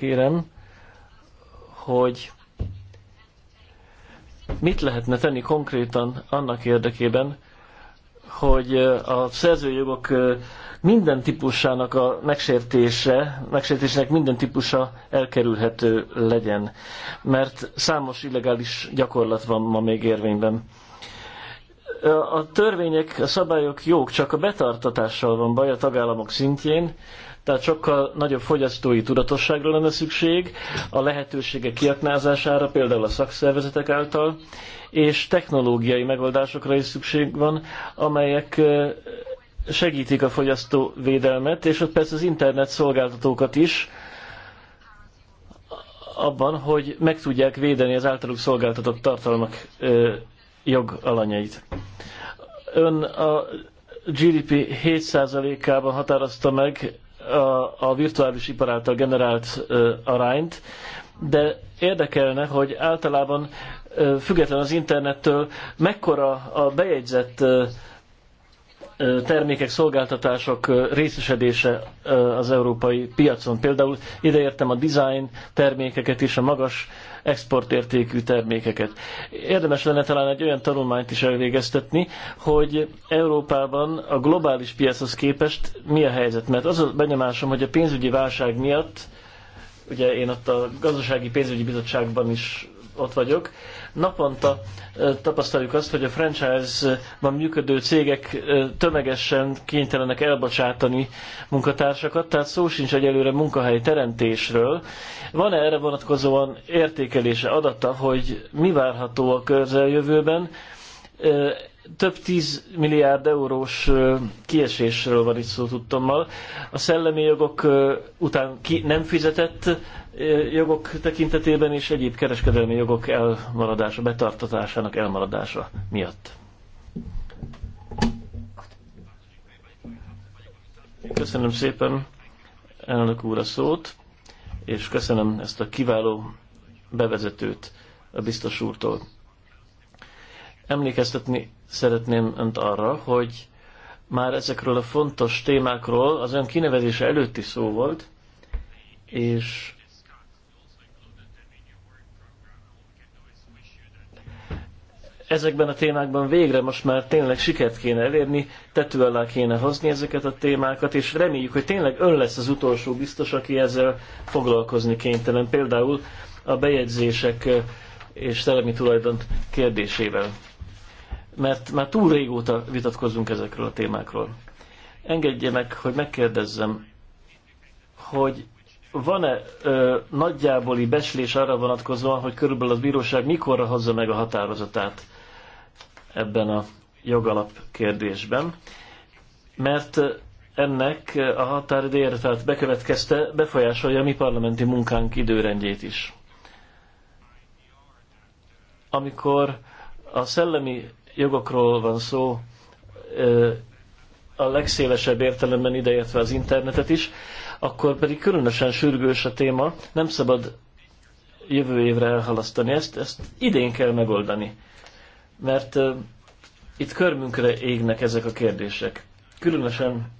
kérem, hogy mit lehetne tenni konkrétan annak érdekében, hogy a szerzőjogok minden típusának a megsértése, megsértésnek minden típusa elkerülhető legyen, mert számos illegális gyakorlat van ma még érvényben. A törvények, a szabályok jók, csak a betartatással van baj a tagállamok szintjén, tehát sokkal nagyobb fogyasztói tudatosságra lenne szükség, a lehetőségek kiaknázására, például a szakszervezetek által, és technológiai megoldásokra is szükség van, amelyek segítik a fogyasztó védelmet, és ott persze az internet szolgáltatókat is, abban, hogy meg tudják védeni az általuk szolgáltatott tartalmak ö, jogalanyait. Ön a GDP 7%-ában határozta meg a, a virtuális ipar által generált uh, arányt, de érdekelne, hogy általában uh, független az internettől mekkora a bejegyzett uh, termékek, szolgáltatások részesedése az európai piacon. Például ideértem a design termékeket is, a magas exportértékű termékeket. Érdemes lenne talán egy olyan tanulmányt is elvégeztetni, hogy Európában a globális piachoz képest mi a helyzet. Mert az a benyomásom, hogy a pénzügyi válság miatt, ugye én ott a gazdasági pénzügyi bizottságban is ott vagyok, Naponta tapasztaljuk azt, hogy a franchise-ban működő cégek tömegesen kénytelenek elbocsátani munkatársakat, tehát szó sincs egyelőre munkahely teremtésről. Van-e erre vonatkozóan értékelése, adata, hogy mi várható a közeljövőben? több tíz milliárd eurós kiesésről van itt szó tudtommal. A szellemi jogok után ki nem fizetett jogok tekintetében és egyéb kereskedelmi jogok elmaradása, betartatásának elmaradása miatt. Köszönöm szépen elnök úr a szót, és köszönöm ezt a kiváló bevezetőt a biztos úrtól. Emlékeztetni szeretném önt arra, hogy már ezekről a fontos témákról az ön kinevezése előtti szó volt, és ezekben a témákban végre most már tényleg sikert kéne elérni, tető alá kéne hozni ezeket a témákat, és reméljük, hogy tényleg ön lesz az utolsó biztos, aki ezzel foglalkozni kénytelen, például a bejegyzések és szellemi tulajdon kérdésével. Mert már túl régóta vitatkozunk ezekről a témákról. Engedje meg, hogy megkérdezzem, hogy van-e ö, nagyjáboli beslés arra vonatkozóan, hogy körülbelül a bíróság mikorra hozza meg a határozatát? ebben a jogalap kérdésben, mert ennek a határidejére, tehát bekövetkezte, befolyásolja a mi parlamenti munkánk időrendjét is. Amikor a szellemi jogokról van szó, a legszélesebb értelemben ideértve az internetet is, akkor pedig különösen sürgős a téma, nem szabad jövő évre elhalasztani ezt, ezt idén kell megoldani mert itt körmünkre égnek ezek a kérdések. Különösen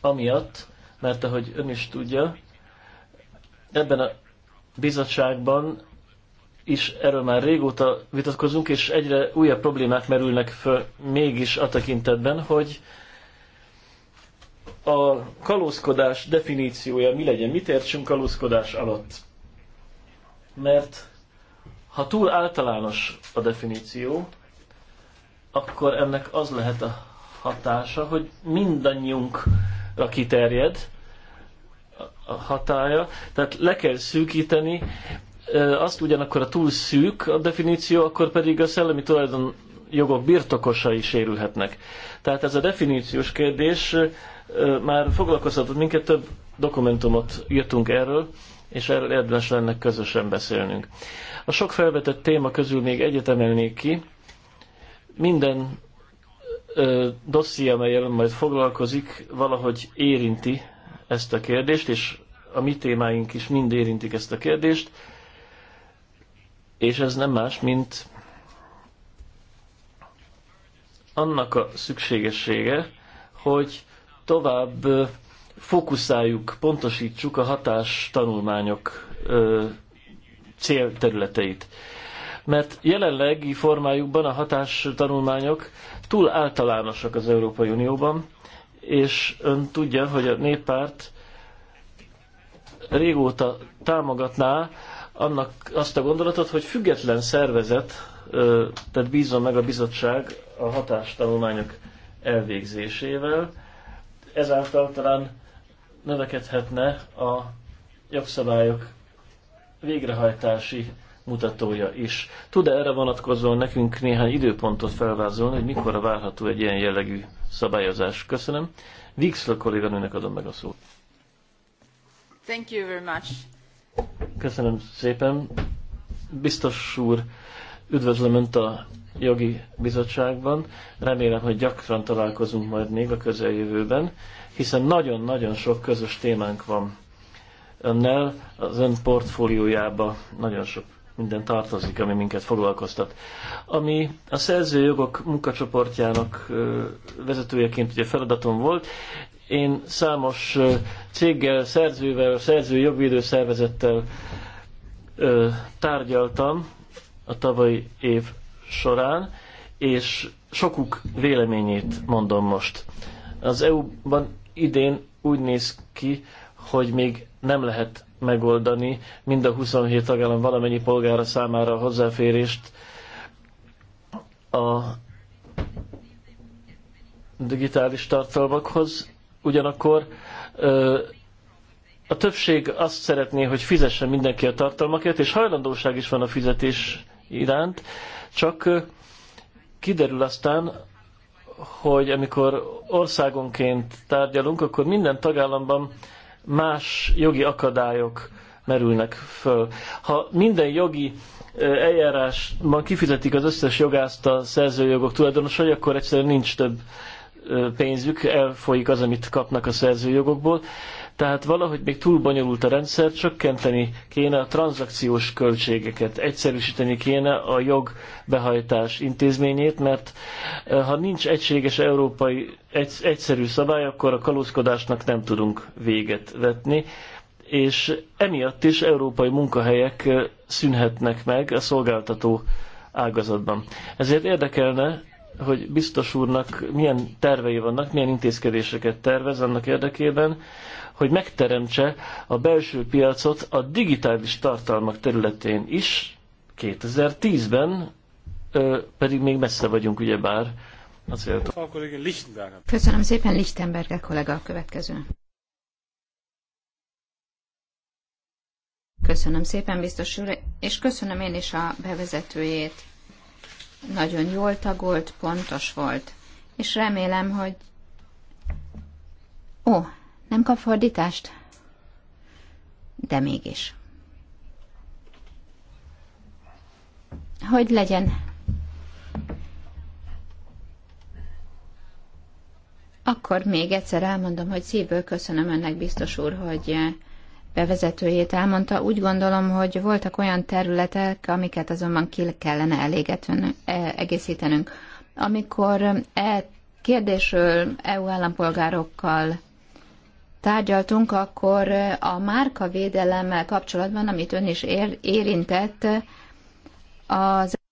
amiatt, mert ahogy ön is tudja, ebben a bizottságban is erről már régóta vitatkozunk, és egyre újabb problémák merülnek föl mégis a tekintetben, hogy a kalózkodás definíciója mi legyen, mit értsünk kalózkodás alatt. Mert ha túl általános a definíció, akkor ennek az lehet a hatása, hogy mindannyiunkra kiterjed a hatája, tehát le kell szűkíteni, azt ugyanakkor a túl szűk a definíció, akkor pedig a szellemi tulajdon jogok birtokosai sérülhetnek. Tehát ez a definíciós kérdés már foglalkoztatott minket, több dokumentumot írtunk erről, és erről érdemes lenne közösen beszélnünk. A sok felvetett téma közül még egyet emelnék ki. Minden ö, dosszi, amelyel majd foglalkozik, valahogy érinti ezt a kérdést, és a mi témáink is mind érintik ezt a kérdést, és ez nem más, mint annak a szükségessége, hogy tovább fókuszáljuk, pontosítsuk a hatás tanulmányok célterületeit. Mert jelenlegi formájukban a hatástanulmányok túl általánosak az Európai Unióban, és ön tudja, hogy a néppárt régóta támogatná annak azt a gondolatot, hogy független szervezet, tehát bízom meg a bizottság a hatástanulmányok elvégzésével. Ezáltal talán növekedhetne a jogszabályok végrehajtási mutatója is. Tud-e erre vonatkozóan nekünk néhány időpontot felvázolni, hogy mikor várható egy ilyen jellegű szabályozás? Köszönöm. Wixler kolléganőnek adom meg a szót. Thank you very much. Köszönöm szépen. Biztos úr, üdvözlöm Önt a jogi bizottságban. Remélem, hogy gyakran találkozunk majd még a közeljövőben, hiszen nagyon-nagyon sok közös témánk van önnel, az ön portfóliójába nagyon sok minden tartozik, ami minket foglalkoztat. Ami a szerzőjogok munkacsoportjának vezetőjeként ugye feladatom volt, én számos céggel, szerzővel, szerző jogvédő szervezettel tárgyaltam a tavalyi év során, és sokuk véleményét mondom most. Az EU-ban idén úgy néz ki, hogy még nem lehet megoldani mind a 27 tagállam valamennyi polgára számára a hozzáférést a digitális tartalmakhoz. Ugyanakkor a többség azt szeretné, hogy fizessen mindenki a tartalmakért, és hajlandóság is van a fizetés iránt, csak kiderül aztán, hogy amikor országonként tárgyalunk, akkor minden tagállamban más jogi akadályok merülnek föl. Ha minden jogi eljárásban kifizetik az összes jogászt a szerzőjogok tulajdonosai, akkor egyszerűen nincs több pénzük, elfolyik az, amit kapnak a szerzőjogokból. Tehát valahogy még túl bonyolult a rendszer, csökkenteni kéne a tranzakciós költségeket, egyszerűsíteni kéne a jogbehajtás intézményét, mert eh, ha nincs egységes európai egyszerű szabály, akkor a kalózkodásnak nem tudunk véget vetni és emiatt is európai munkahelyek eh, szűnhetnek meg a szolgáltató ágazatban. Ezért érdekelne hogy biztos úrnak milyen tervei vannak, milyen intézkedéseket tervez annak érdekében, hogy megteremtse a belső piacot a digitális tartalmak területén is 2010-ben, pedig még messze vagyunk ugyebár a Köszönöm szépen, Lichtenberger kollega a következő. Köszönöm szépen, biztos úr, és köszönöm én is a bevezetőjét nagyon jól tagolt, pontos volt. És remélem, hogy... Ó, nem kap fordítást? De mégis. Hogy legyen? Akkor még egyszer elmondom, hogy szívből köszönöm önnek, biztos úr, hogy eh, bevezetőjét elmondta, úgy gondolom, hogy voltak olyan területek, amiket azonban ki kellene elégetvenünk, egészítenünk. Amikor e kérdésről EU állampolgárokkal tárgyaltunk, akkor a márkavédelemmel kapcsolatban, amit ön is érintett, az